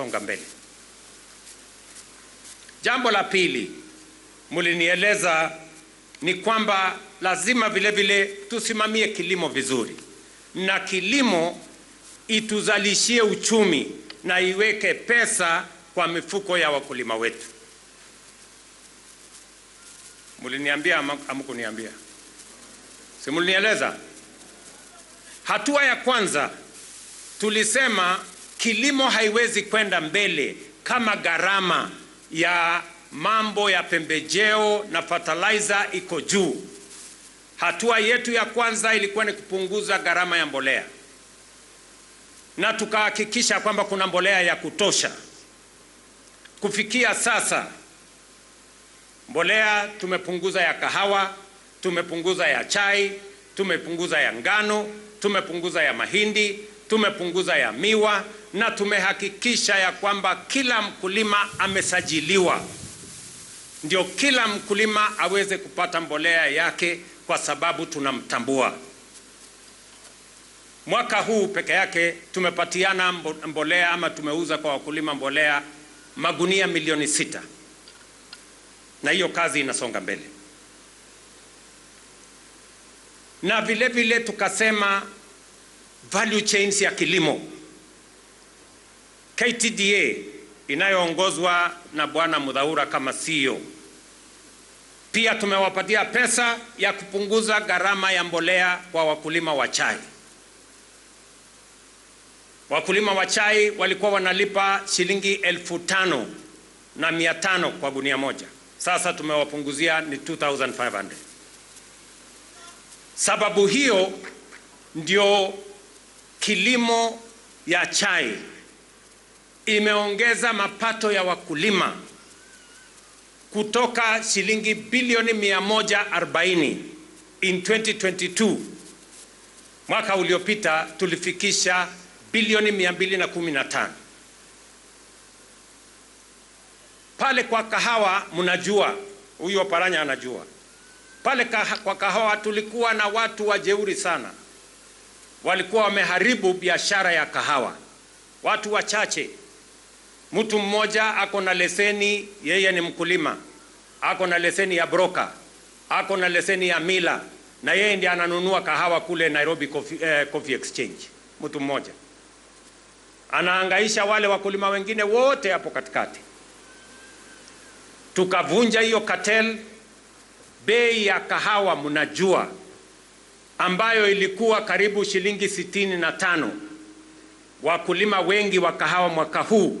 kusonga mbele. Jambo la pili mlinieleza ni kwamba lazima vile vile tusimamie kilimo vizuri, na kilimo ituzalishie uchumi na iweke pesa kwa mifuko ya wakulima wetu. Mliniambia amkuniambia, Si Hatua ya kwanza tulisema Kilimo haiwezi kwenda mbele kama gharama ya mambo ya pembejeo na fertilizer iko juu. Hatua yetu ya kwanza ilikuwa ni kupunguza gharama ya mbolea, na tukahakikisha kwamba kuna mbolea ya kutosha. Kufikia sasa, mbolea tumepunguza ya kahawa, tumepunguza ya chai, tumepunguza ya ngano, tumepunguza ya mahindi, tumepunguza ya miwa na tumehakikisha ya kwamba kila mkulima amesajiliwa, ndio kila mkulima aweze kupata mbolea yake, kwa sababu tunamtambua. Mwaka huu peke yake tumepatiana mbolea ama tumeuza kwa wakulima mbolea magunia milioni sita, na hiyo kazi inasonga mbele, na vile vile tukasema value chains ya kilimo. KTDA inayoongozwa na Bwana Mudhaura kama CEO. Pia tumewapatia pesa ya kupunguza gharama ya mbolea kwa wakulima wa chai. Wakulima wa chai walikuwa wanalipa shilingi elfu tano na mia tano kwa gunia moja, sasa tumewapunguzia ni 2500. Sababu hiyo ndio kilimo ya chai imeongeza mapato ya wakulima kutoka shilingi bilioni 140 in 2022 mwaka uliopita tulifikisha bilioni 215. Pale kwa kahawa, mnajua huyo Paranya anajua pale kwa kahawa tulikuwa na watu wajeuri sana walikuwa wameharibu biashara ya kahawa. Watu wachache, mtu mmoja ako na leseni, yeye ni mkulima, ako na leseni ya broka, ako na leseni ya mila, na yeye ndiye ananunua kahawa kule Nairobi Coffee, eh, Coffee Exchange. Mtu mmoja anaangaisha wale wakulima wengine wote hapo katikati. Tukavunja hiyo cartel. Bei ya kahawa mnajua ambayo ilikuwa karibu shilingi sitini na tano. Wakulima wengi wa kahawa mwaka huu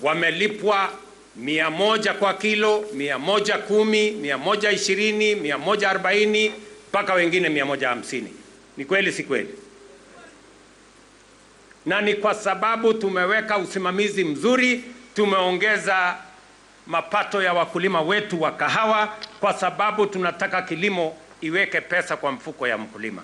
wamelipwa mia moja kwa kilo, mia moja kumi, mia moja ishirini, mia moja arobaini mpaka wengine mia moja hamsini. Ni kweli si kweli? Na ni kwa sababu tumeweka usimamizi mzuri, tumeongeza mapato ya wakulima wetu wa kahawa kwa sababu tunataka kilimo iweke pesa kwa mfuko ya mkulima.